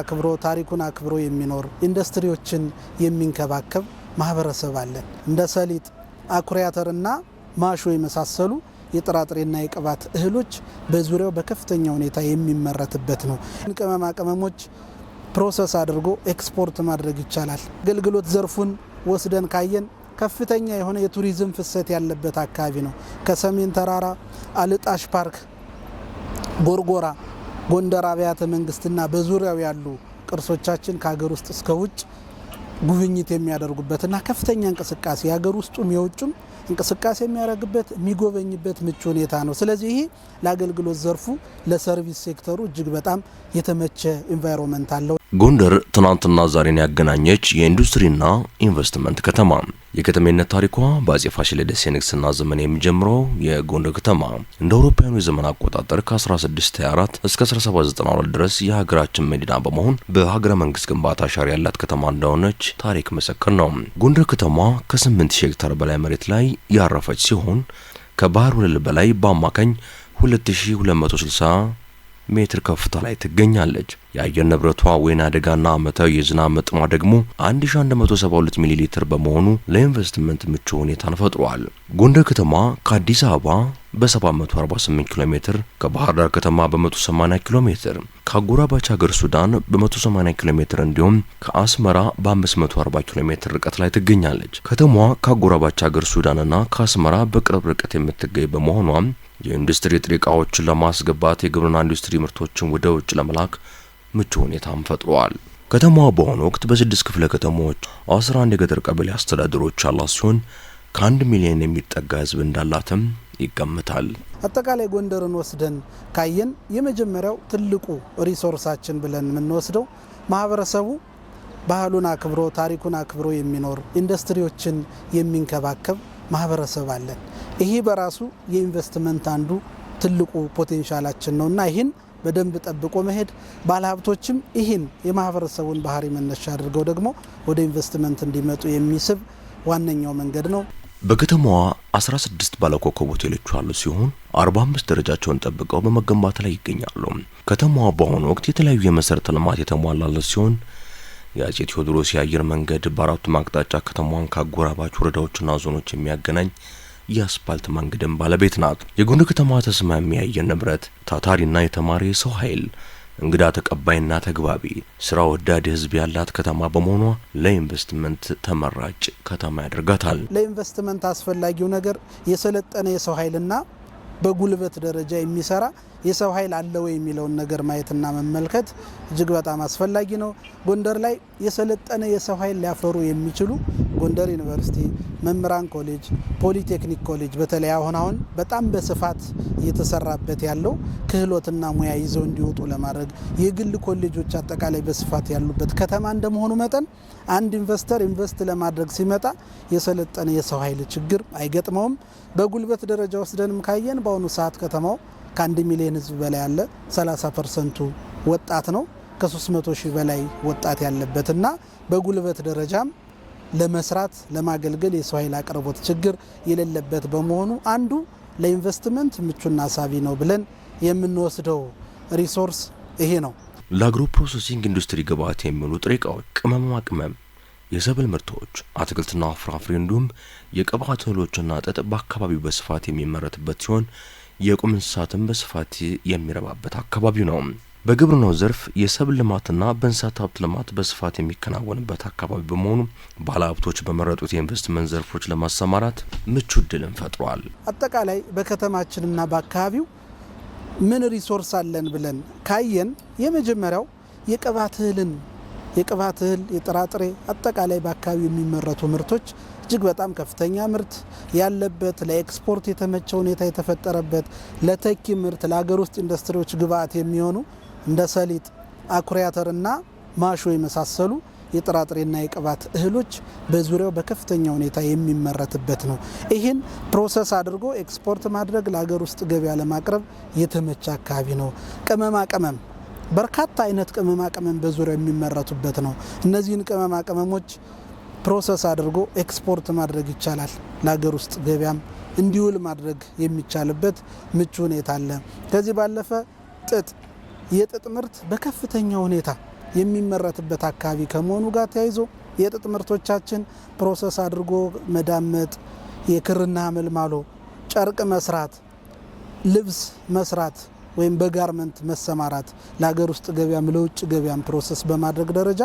አክብሮ ታሪኩን አክብሮ የሚኖር ኢንዱስትሪዎችን የሚንከባከብ ማህበረሰብ አለን። እንደ ሰሊጥ፣ አኩሪያተርና ማሾ የመሳሰሉ የጥራጥሬና የቅባት እህሎች በዙሪያው በከፍተኛ ሁኔታ የሚመረትበት ነው። ቅመማ ቅመሞች ፕሮሰስ አድርጎ ኤክስፖርት ማድረግ ይቻላል። አገልግሎት ዘርፉን ወስደን ካየን ከፍተኛ የሆነ የቱሪዝም ፍሰት ያለበት አካባቢ ነው። ከሰሜን ተራራ፣ አልጣሽ ፓርክ፣ ጎርጎራ ጎንደር አብያተ መንግስትና በዙሪያው ያሉ ቅርሶቻችን ከሀገር ውስጥ እስከ ውጭ ጉብኝት የሚያደርጉበትና ከፍተኛ እንቅስቃሴ የሀገር ውስጡም የውጩም እንቅስቃሴ የሚያደርግበት የሚጎበኝበት ምቹ ሁኔታ ነው። ስለዚህ ይሄ ለአገልግሎት ዘርፉ ለሰርቪስ ሴክተሩ እጅግ በጣም የተመቸ ኢንቫይሮንመንት አለው። ጎንደር ትናንትና ዛሬን ያገናኘች የኢንዱስትሪና ኢንቨስትመንት ከተማ። የከተሜነት ታሪኳ በአጼ ፋሲለደስ የንግስና ዘመን የሚጀምረው የጎንደር ከተማ እንደ አውሮፓውያኑ የዘመን አቆጣጠር ከ1624 እስከ 1792 ድረስ የሀገራችን መዲና በመሆን በሀገረ መንግስት ግንባታ አሻራ ያላት ከተማ እንደሆነች ታሪክ ምስክር ነው። ጎንደር ከተማ ከ8000 ሄክታር በላይ መሬት ላይ ያረፈች ሲሆን ከባህር ወለል በላይ በአማካኝ 2260 ሜትር ከፍታ ላይ ትገኛለች። የአየር ንብረቷ ወይን አደጋና ዓመታዊ የዝናብ መጥማ ደግሞ 1172 ሚሊ ሊትር በመሆኑ ለኢንቨስትመንት ምቹ ሁኔታን ፈጥሯል። ጎንደር ከተማ ከአዲስ አበባ በ748 ኪሎ ሜትር ከባህር ዳር ከተማ በ180 ኪሎ ሜትር ከአጎራባች ሀገር ሱዳን በ180 ኪሎ ሜትር እንዲሁም ከአስመራ በ540 ኪሎ ሜትር ርቀት ላይ ትገኛለች። ከተማዋ ከአጎራባች ሀገር ሱዳንና ከአስመራ በቅርብ ርቀት የምትገኝ በመሆኗ የኢንዱስትሪ ጥሬ እቃዎችን ለማስገባት የግብርና ኢንዱስትሪ ምርቶችን ወደ ውጭ ለመላክ ምቹ ሁኔታም ፈጥሯል። ከተማዋ በአሁኑ ወቅት በስድስት ክፍለ ከተሞች 11 የገጠር ቀበሌ አስተዳደሮች ያሏት ሲሆን ከአንድ ሚሊዮን የሚጠጋ ህዝብ እንዳላትም ይገምታል። አጠቃላይ ጎንደርን ወስደን ካየን የመጀመሪያው ትልቁ ሪሶርሳችን ብለን የምንወስደው ማህበረሰቡ ባህሉን አክብሮ ታሪኩን አክብሮ የሚኖር ኢንዱስትሪዎችን የሚንከባከብ ማህበረሰብ አለን። ይሄ በራሱ የኢንቨስትመንት አንዱ ትልቁ ፖቴንሻላችን ነው እና ይህን በደንብ ጠብቆ መሄድ ባለሀብቶችም ይህን የማህበረሰቡን ባህሪ መነሻ አድርገው ደግሞ ወደ ኢንቨስትመንት እንዲመጡ የሚስብ ዋነኛው መንገድ ነው። በከተማዋ 16 ባለኮከብ ሆቴሎች አሉ ሲሆን 45 ደረጃቸውን ጠብቀው በመገንባት ላይ ይገኛሉ። ከተማዋ በአሁኑ ወቅት የተለያዩ የመሰረተ ልማት የተሟላለት ሲሆን የአጼ ቴዎድሮስ የአየር መንገድ በአራቱም አቅጣጫ ከተማዋን ካጎራባች ወረዳዎችና ዞኖች የሚያገናኝ የአስፓልት መንገድን ባለቤት ናት። የጎንደ ከተማ ተስማሚ የአየር ንብረት፣ ታታሪና የተማሪ ሰው ኃይል፣ እንግዳ ተቀባይና ተግባቢ፣ ስራ ወዳድ ህዝብ ያላት ከተማ በመሆኗ ለኢንቨስትመንት ተመራጭ ከተማ ያደርጋታል። ለኢንቨስትመንት አስፈላጊው ነገር የሰለጠነ የሰው ኃይልና በጉልበት ደረጃ የሚሰራ የሰው ኃይል አለ ወይ የሚለውን ነገር ማየትና መመልከት እጅግ በጣም አስፈላጊ ነው። ጎንደር ላይ የሰለጠነ የሰው ኃይል ሊያፈሩ የሚችሉ ጎንደር ዩኒቨርሲቲ፣ መምህራን ኮሌጅ፣ ፖሊቴክኒክ ኮሌጅ በተለይ አሁን አሁን በጣም በስፋት እየተሰራበት ያለው ክህሎትና ሙያ ይዘው እንዲወጡ ለማድረግ የግል ኮሌጆች አጠቃላይ በስፋት ያሉበት ከተማ እንደመሆኑ መጠን አንድ ኢንቨስተር ኢንቨስት ለማድረግ ሲመጣ የሰለጠነ የሰው ኃይል ችግር አይገጥመውም። በጉልበት ደረጃ ወስደንም ካየን በአሁኑ ሰዓት ከተማው ከአንድ ሚሊዮን ህዝብ በላይ ያለ 30 ፐርሰንቱ ወጣት ነው። ከ300 ሺህ በላይ ወጣት ያለበትና በጉልበት ደረጃም ለመስራት ለማገልገል የሰው ኃይል አቅርቦት ችግር የሌለበት በመሆኑ አንዱ ለኢንቨስትመንት ምቹና ሳቢ ነው ብለን የምንወስደው ሪሶርስ ይሄ ነው። ለአግሮ ፕሮሰሲንግ ኢንዱስትሪ ግብዓት የሚውሉ ጥሬ ቅመማ ቅመም፣ የሰብል ምርቶች፣ አትክልትና ፍራፍሬ እንዲሁም የቅባት እህሎችና ጥጥ በአካባቢው በስፋት የሚመረትበት ሲሆን የቁም እንስሳትን በስፋት የሚረባበት አካባቢው ነው። በግብርናው ዘርፍ የሰብል ልማትና በእንስሳት ሀብት ልማት በስፋት የሚከናወንበት አካባቢ በመሆኑ ባለሀብቶች በመረጡት የኢንቨስትመንት ዘርፎች ለማሰማራት ምቹ እድልን ፈጥሯል። አጠቃላይ በከተማችንና በአካባቢው ምን ሪሶርስ አለን ብለን ካየን የመጀመሪያው የቅባት እህልን የቅባት እህል የጥራጥሬ አጠቃላይ በአካባቢው የሚመረቱ ምርቶች እጅግ በጣም ከፍተኛ ምርት ያለበት ለኤክስፖርት የተመቸ ሁኔታ የተፈጠረበት ለተኪ ምርት ለሀገር ውስጥ ኢንዱስትሪዎች ግብአት የሚሆኑ እንደ ሰሊጥ፣ አኩሪያተርና ማሾ የመሳሰሉ የጥራጥሬና የቅባት እህሎች በዙሪያው በከፍተኛ ሁኔታ የሚመረትበት ነው። ይህን ፕሮሰስ አድርጎ ኤክስፖርት ማድረግ ለሀገር ውስጥ ገበያ ለማቅረብ የተመቸ አካባቢ ነው። ቅመማ ቅመም በርካታ አይነት ቅመማ ቅመም በዙሪያው የሚመረቱበት ነው። እነዚህን ቅመማ ቅመሞች ፕሮሰስ አድርጎ ኤክስፖርት ማድረግ ይቻላል። ለሀገር ውስጥ ገበያም እንዲውል ማድረግ የሚቻልበት ምቹ ሁኔታ አለ። ከዚህ ባለፈ ጥጥ የጥጥ ምርት በከፍተኛ ሁኔታ የሚመረትበት አካባቢ ከመሆኑ ጋር ተያይዞ የጥጥ ምርቶቻችን ፕሮሰስ አድርጎ መዳመጥ፣ የክርና መልማሎ፣ ጨርቅ መስራት፣ ልብስ መስራት ወይም በጋርመንት መሰማራት ለሀገር ውስጥ ገበያም ለውጭ ገበያም ፕሮሰስ በማድረግ ደረጃ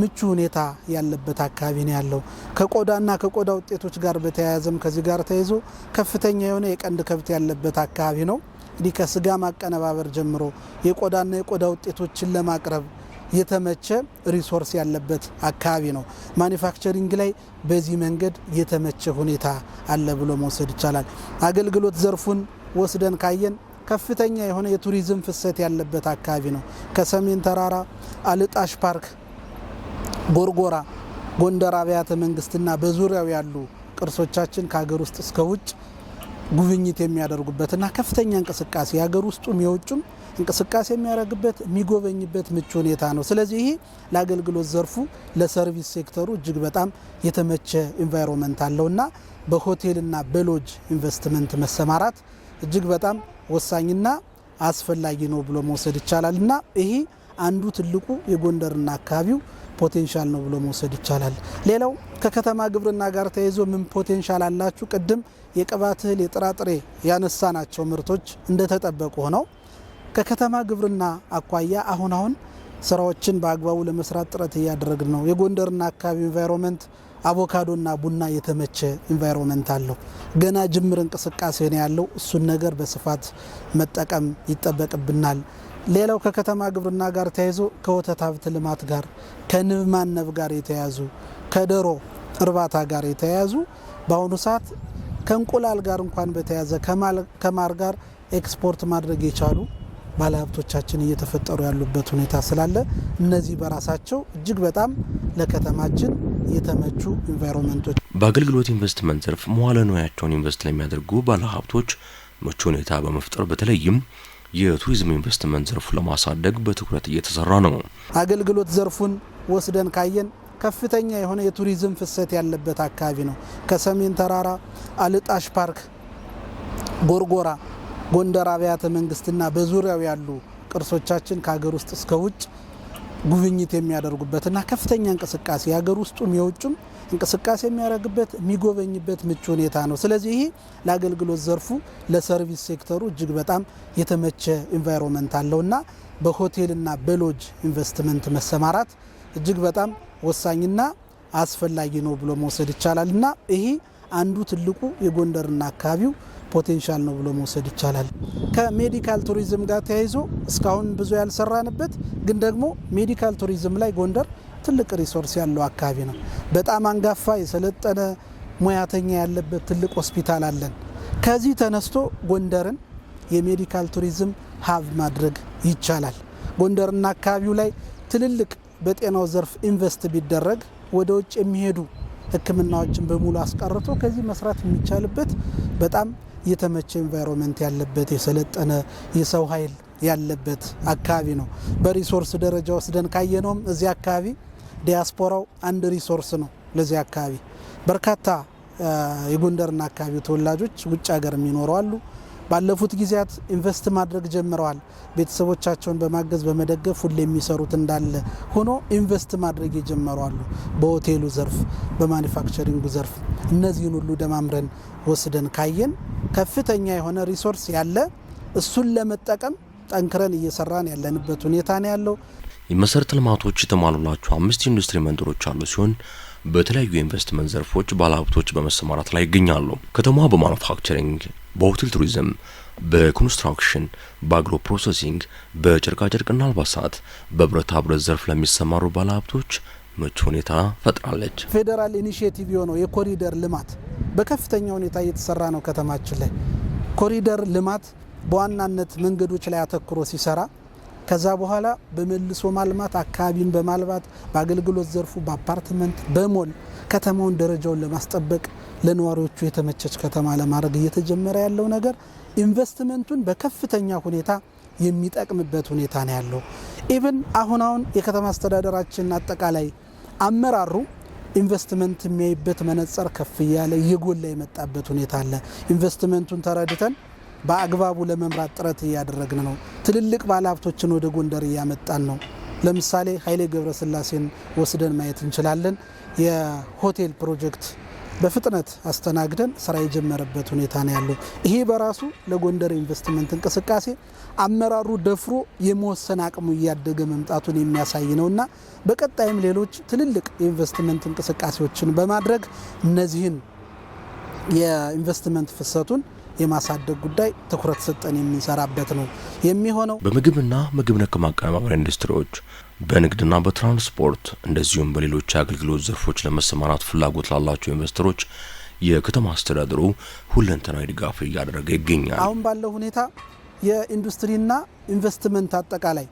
ምቹ ሁኔታ ያለበት አካባቢ ነው ያለው። ከቆዳና ከቆዳ ውጤቶች ጋር በተያያዘም ከዚህ ጋር ተያይዞ ከፍተኛ የሆነ የቀንድ ከብት ያለበት አካባቢ ነው። እንግዲህ ከስጋ ማቀነባበር ጀምሮ የቆዳና የቆዳ ውጤቶችን ለማቅረብ የተመቸ ሪሶርስ ያለበት አካባቢ ነው። ማኒፋክቸሪንግ ላይ በዚህ መንገድ የተመቸ ሁኔታ አለ ብሎ መውሰድ ይቻላል። አገልግሎት ዘርፉን ወስደን ካየን ከፍተኛ የሆነ የቱሪዝም ፍሰት ያለበት አካባቢ ነው። ከሰሜን ተራራ፣ አልጣሽ ፓርክ፣ ጎርጎራ፣ ጎንደር አብያተ መንግስትና በዙሪያው ያሉ ቅርሶቻችን ከሀገር ውስጥ እስከ ውጭ ጉብኝት የሚያደርጉበትና ከፍተኛ እንቅስቃሴ የሀገር ውስጡም የውጭም እንቅስቃሴ የሚያደርግበት የሚጎበኝበት ምቹ ሁኔታ ነው። ስለዚህ ይሄ ለአገልግሎት ዘርፉ ለሰርቪስ ሴክተሩ እጅግ በጣም የተመቸ ኢንቫይሮንመንት አለውና በሆቴልና በሎጅ ኢንቨስትመንት መሰማራት እጅግ በጣም ወሳኝና አስፈላጊ ነው ብሎ መውሰድ ይቻላል እና ይሄ አንዱ ትልቁ የጎንደርና አካባቢው ፖቴንሻል ነው ብሎ መውሰድ ይቻላል። ሌላው ከከተማ ግብርና ጋር ተያይዞ ምን ፖቴንሻል አላችሁ? ቅድም የቅባት እህል፣ የጥራጥሬ ያነሳናቸው ምርቶች እንደተጠበቁ ሆነው ከከተማ ግብርና አኳያ አሁን አሁን ስራዎችን በአግባቡ ለመስራት ጥረት እያደረግን ነው። የጎንደርና አካባቢ ኢንቫይሮንመንት አቮካዶና ቡና የተመቸ ኢንቫይሮንመንት አለው። ገና ጅምር እንቅስቃሴ ነው ያለው። እሱን ነገር በስፋት መጠቀም ይጠበቅብናል። ሌላው ከከተማ ግብርና ጋር ተያይዞ ከወተት ሀብት ልማት ጋር ከንብ ማነብ ጋር የተያያዙ ከዶሮ እርባታ ጋር የተያያዙ በአሁኑ ሰዓት ከእንቁላል ጋር እንኳን በተያያዘ ከማር ጋር ኤክስፖርት ማድረግ የቻሉ ባለሀብቶቻችን እየተፈጠሩ ያሉበት ሁኔታ ስላለ እነዚህ በራሳቸው እጅግ በጣም ለከተማችን የተመቹ ኢንቫይሮንመንቶች። በአገልግሎት ኢንቨስትመንት ዘርፍ መዋለ ንዋያቸውን ኢንቨስት ለሚያደርጉ ባለሀብቶች ምቹ ሁኔታ በመፍጠር በተለይም የቱሪዝም ኢንቨስትመንት ዘርፍ ለማሳደግ በትኩረት እየተሰራ ነው። አገልግሎት ዘርፉን ወስደን ካየን ከፍተኛ የሆነ የቱሪዝም ፍሰት ያለበት አካባቢ ነው። ከሰሜን ተራራ፣ አልጣሽ ፓርክ፣ ጎርጎራ፣ ጎንደር አብያተ መንግስትና በዙሪያው ያሉ ቅርሶቻችን ከሀገር ውስጥ እስከ ውጭ ጉብኝት የሚያደርጉበትና ከፍተኛ እንቅስቃሴ የሀገር ውስጡም የውጭም እንቅስቃሴ የሚያደርግበት የሚጎበኝበት ምቹ ሁኔታ ነው። ስለዚህ ይሄ ለአገልግሎት ዘርፉ ለሰርቪስ ሴክተሩ እጅግ በጣም የተመቸ ኢንቫይሮንመንት አለውና በሆቴልና በሎጅ ኢንቨስትመንት መሰማራት እጅግ በጣም ወሳኝና አስፈላጊ ነው ብሎ መውሰድ ይቻላል እና ይሄ አንዱ ትልቁ የጎንደርና አካባቢው ፖቴንሻል ነው ብሎ መውሰድ ይቻላል። ከሜዲካል ቱሪዝም ጋር ተያይዞ እስካሁን ብዙ ያልሰራንበት ግን ደግሞ ሜዲካል ቱሪዝም ላይ ጎንደር ትልቅ ሪሶርስ ያለው አካባቢ ነው። በጣም አንጋፋ የሰለጠነ ሙያተኛ ያለበት ትልቅ ሆስፒታል አለን። ከዚህ ተነስቶ ጎንደርን የሜዲካል ቱሪዝም ሀብ ማድረግ ይቻላል። ጎንደርና አካባቢው ላይ ትልልቅ በጤናው ዘርፍ ኢንቨስት ቢደረግ ወደ ውጭ የሚሄዱ ሕክምናዎችን በሙሉ አስቀርቶ ከዚህ መስራት የሚቻልበት በጣም የተመቸ ኤንቫይሮንመንት ያለበት የሰለጠነ የሰው ኃይል ያለበት አካባቢ ነው። በሪሶርስ ደረጃ ወስደን ካየነውም እዚህ አካባቢ ዲያስፖራው አንድ ሪሶርስ ነው። ለዚህ አካባቢ በርካታ የጎንደርና አካባቢ ተወላጆች ውጭ ሀገር የሚኖረዋሉ ባለፉት ጊዜያት ኢንቨስት ማድረግ ጀምረዋል። ቤተሰቦቻቸውን በማገዝ በመደገፍ ሁሉ የሚሰሩት እንዳለ ሆኖ ኢንቨስት ማድረግ የጀመሩ አሉ። በሆቴሉ ዘርፍ፣ በማኒፋክቸሪንጉ ዘርፍ እነዚህን ሁሉ ደማምረን ወስደን ካየን ከፍተኛ የሆነ ሪሶርስ ያለ እሱን ለመጠቀም ጠንክረን እየሰራን ያለንበት ሁኔታ ነው ያለው። የመሰረተ ልማቶች የተሟሉላቸው አምስት ኢንዱስትሪ መንደሮች አሉ ሲሆን በተለያዩ የኢንቨስትመንት ዘርፎች ባለሀብቶች በመሰማራት ላይ ይገኛሉ። ከተማዋ በማኑፋክቸሪንግ፣ በሆቴል ቱሪዝም፣ በኮንስትራክሽን፣ በአግሮ ፕሮሰሲንግ፣ በጨርቃጨርቅና አልባሳት፣ በብረታ ብረት ዘርፍ ለሚሰማሩ ባለሀብቶች ምቹ ሁኔታ ፈጥራለች። ፌዴራል ኢኒሽቲቭ የሆነው የኮሪደር ልማት በከፍተኛ ሁኔታ እየተሰራ ነው። ከተማችን ላይ ኮሪደር ልማት በዋናነት መንገዶች ላይ አተኩሮ ሲሰራ ከዛ በኋላ በመልሶ ማልማት አካባቢን በማልባት በአገልግሎት ዘርፉ በአፓርትመንት በሞል ከተማውን ደረጃውን ለማስጠበቅ ለነዋሪዎቹ የተመቸች ከተማ ለማድረግ እየተጀመረ ያለው ነገር ኢንቨስትመንቱን በከፍተኛ ሁኔታ የሚጠቅምበት ሁኔታ ነው ያለው። ኢቭን አሁን አሁን የከተማ አስተዳደራችን አጠቃላይ አመራሩ ኢንቨስትመንት የሚያይበት መነጽር ከፍ እያለ እየጎላ የመጣበት ሁኔታ አለ። ኢንቨስትመንቱን ተረድተን በአግባቡ ለመምራት ጥረት እያደረግን ነው። ትልልቅ ባለሀብቶችን ወደ ጎንደር እያመጣን ነው። ለምሳሌ ኃይሌ ገብረስላሴን ወስደን ማየት እንችላለን። የሆቴል ፕሮጀክት በፍጥነት አስተናግደን ስራ የጀመረበት ሁኔታ ነው ያለው። ይሄ በራሱ ለጎንደር ኢንቨስትመንት እንቅስቃሴ አመራሩ ደፍሮ የመወሰን አቅሙ እያደገ መምጣቱን የሚያሳይ ነው እና በቀጣይም ሌሎች ትልልቅ የኢንቨስትመንት እንቅስቃሴዎችን በማድረግ እነዚህን የኢንቨስትመንት ፍሰቱን የማሳደግ ጉዳይ ትኩረት ሰጠን የምንሰራበት ነው የሚሆነው። በምግብና ምግብ ነክ ማቀነባበሪያ ኢንዱስትሪዎች በንግድና በትራንስፖርት እንደዚሁም በሌሎች የአገልግሎት ዘርፎች ለመሰማራት ፍላጎት ላላቸው ኢንቨስተሮች የከተማ አስተዳደሩ ሁለንተናዊ ድጋፍ እያደረገ ይገኛል። አሁን ባለው ሁኔታ የኢንዱስትሪና ኢንቨስትመንት አጠቃላይ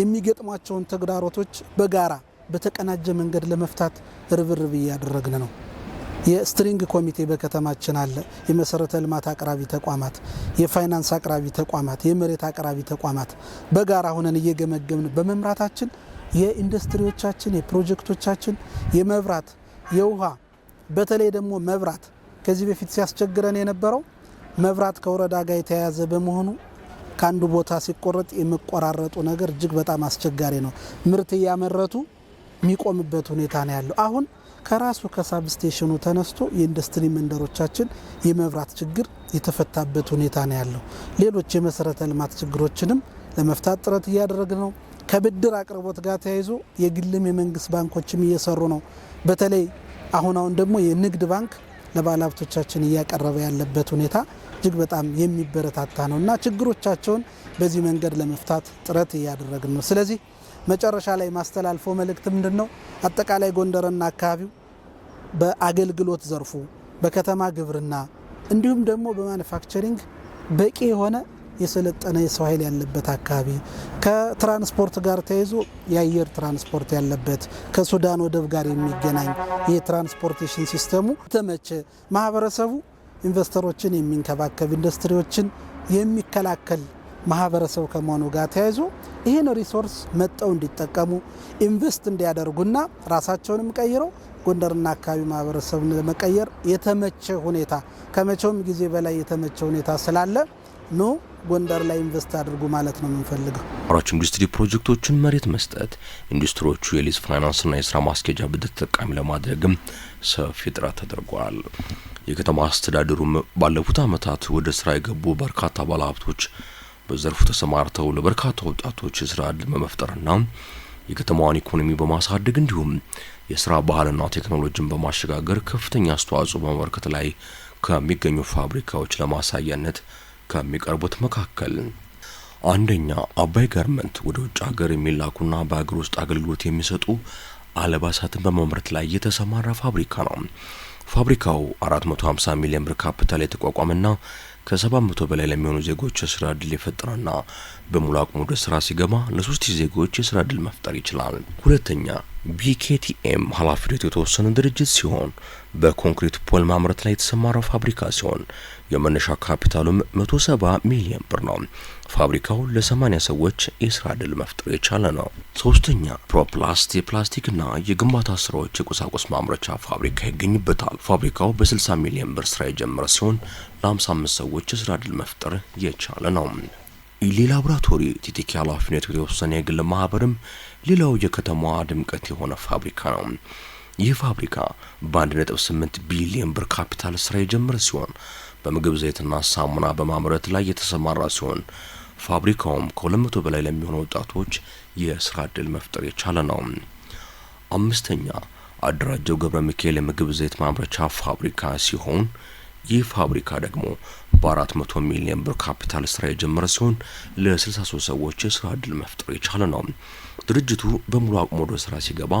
የሚገጥሟቸውን ተግዳሮቶች በጋራ በተቀናጀ መንገድ ለመፍታት ርብርብ እያደረግን ነው። የስትሪንግ ኮሚቴ በከተማችን አለ። የመሰረተ ልማት አቅራቢ ተቋማት፣ የፋይናንስ አቅራቢ ተቋማት፣ የመሬት አቅራቢ ተቋማት በጋራ ሆነን እየገመገምን በመምራታችን የኢንዱስትሪዎቻችን፣ የፕሮጀክቶቻችን፣ የመብራት፣ የውሃ በተለይ ደግሞ መብራት ከዚህ በፊት ሲያስቸግረን የነበረው መብራት ከወረዳ ጋር የተያያዘ በመሆኑ ከአንዱ ቦታ ሲቆረጥ የሚቆራረጡ ነገር እጅግ በጣም አስቸጋሪ ነው። ምርት እያመረቱ የሚቆምበት ሁኔታ ነው ያለው አሁን ከራሱ ከሳብስቴሽኑ ተነስቶ የኢንዱስትሪ መንደሮቻችን የመብራት ችግር የተፈታበት ሁኔታ ነው ያለው። ሌሎች የመሰረተ ልማት ችግሮችንም ለመፍታት ጥረት እያደረግ ነው። ከብድር አቅርቦት ጋር ተያይዞ የግልም የመንግስት ባንኮችም እየሰሩ ነው። በተለይ አሁን አሁን ደግሞ የንግድ ባንክ ለባለሀብቶቻችን እያቀረበ ያለበት ሁኔታ እጅግ በጣም የሚበረታታ ነው እና ችግሮቻቸውን በዚህ መንገድ ለመፍታት ጥረት እያደረግን ነው። ስለዚህ መጨረሻ ላይ ማስተላልፈው መልእክት ምንድን ነው? አጠቃላይ ጎንደርና አካባቢው በአገልግሎት ዘርፉ በከተማ ግብርና እንዲሁም ደግሞ በማኑፋክቸሪንግ በቂ የሆነ የሰለጠነ የሰው ኃይል ያለበት አካባቢ ከትራንስፖርት ጋር ተያይዞ የአየር ትራንስፖርት ያለበት ከሱዳን ወደብ ጋር የሚገናኝ የትራንስፖርቴሽን ሲስተሙ ተመቸ ማህበረሰቡ ኢንቨስተሮችን የሚንከባከብ ኢንዱስትሪዎችን የሚከላከል ማህበረሰብ ከመሆኑ ጋር ተያይዞ ይህን ሪሶርስ መጠው እንዲጠቀሙ ኢንቨስት እንዲያደርጉና ራሳቸውንም ቀይረው ጎንደርና አካባቢ ማህበረሰብን ለመቀየር የተመቸ ሁኔታ ከመቼውም ጊዜ በላይ የተመቸ ሁኔታ ስላለ ኑ ጎንደር ላይ ኢንቨስት አድርጉ ማለት ነው የምንፈልገው። አምራች ኢንዱስትሪ ፕሮጀክቶችን መሬት መስጠት፣ ኢንዱስትሪዎቹ የሊዝ ፋይናንስና የስራ ማስኬጃ ብድር ተጠቃሚ ለማድረግም ሰፊ ጥረት ተደርጓል። የከተማ አስተዳደሩም ባለፉት ዓመታት ወደ ስራ የገቡ በርካታ ባለሀብቶች በዘርፉ ተሰማርተው ለበርካታ ወጣቶች የስራ እድል በመፍጠርና የከተማዋን ኢኮኖሚ በማሳደግ እንዲሁም የስራ ባህልና ቴክኖሎጂን በማሸጋገር ከፍተኛ አስተዋጽኦ በማበርከት ላይ ከሚገኙ ፋብሪካዎች ለማሳያነት ከሚቀርቡት መካከል አንደኛ አባይ ጋርመንት ወደ ውጭ ሀገር የሚላኩና በሀገር ውስጥ አገልግሎት የሚሰጡ አልባሳትን በማምረት ላይ የተሰማራ ፋብሪካ ነው። ፋብሪካው 450 ሚሊዮን ብር ካፒታል የተቋቋመና ከሰባት መቶ በላይ ለሚሆኑ ዜጎች የስራ እድል የፈጠረና በሙሉ አቅሙ ወደ ስራ ሲገባ ለሶስት ሺህ ዜጎች የስራ እድል መፍጠር ይችላል። ሁለተኛ ቢኬቲኤም ኃላፊነቱ የተወሰነ ድርጅት ሲሆን በኮንክሪት ፖል ማምረት ላይ የተሰማረው ፋብሪካ ሲሆን የመነሻ ካፒታሉም 170 ሚሊዮን ብር ነው። ፋብሪካው ለ80 ሰዎች የስራ ዕድል መፍጠር የቻለ ነው። ሶስተኛ ፕሮፕላስት የፕላስቲክና የግንባታ ስራዎች የቁሳቁስ ማምረቻ ፋብሪካ ይገኝበታል። ፋብሪካው በ60 ሚሊዮን ብር ስራ የጀመረ ሲሆን ለ55 ሰዎች የስራ ዕድል መፍጠር የቻለ ነው። ኢሊ ላቦራቶሪ ቲቲኪ ኃላፊነት የተወሰነ የግል ማህበርም ሌላው የከተማዋ ድምቀት የሆነ ፋብሪካ ነው። ይህ ፋብሪካ በ1.8 ቢሊዮን ብር ካፒታል ስራ የጀመረ ሲሆን በምግብ ዘይትና ሳሙና በማምረት ላይ የተሰማራ ሲሆን ፋብሪካውም ከ200 በላይ ለሚሆኑ ወጣቶች የስራ ዕድል መፍጠር የቻለ ነው። አምስተኛ አደራጀው ገብረ ሚካኤል የምግብ ዘይት ማምረቻ ፋብሪካ ሲሆን ይህ ፋብሪካ ደግሞ በ400 ሚሊዮን ብር ካፒታል ስራ የጀመረ ሲሆን ለ63 ሰዎች የስራ ዕድል መፍጠር የቻለ ነው። ድርጅቱ በሙሉ አቅሙ ወደ ስራ ሲገባ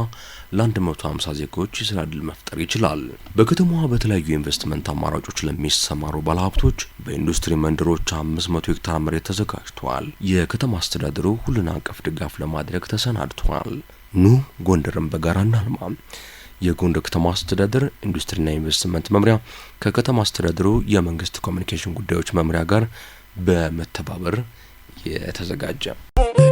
ለ150 ዜጎች የስራ ዕድል መፍጠር ይችላል። በከተማዋ በተለያዩ የኢንቨስትመንት አማራጮች ለሚሰማሩ ባለሀብቶች በኢንዱስትሪ መንደሮች 500 ሄክታር መሬት ተዘጋጅቷል። የከተማ አስተዳደሩ ሁሉን አቀፍ ድጋፍ ለማድረግ ተሰናድቷል። ኑ ጎንደርን በጋራ እናልማ። የጎንደር ከተማ አስተዳደር ኢንዱስትሪና ኢንቨስትመንት መምሪያ ከከተማ አስተዳደሩ የመንግስት ኮሚኒኬሽን ጉዳዮች መምሪያ ጋር በመተባበር የተዘጋጀ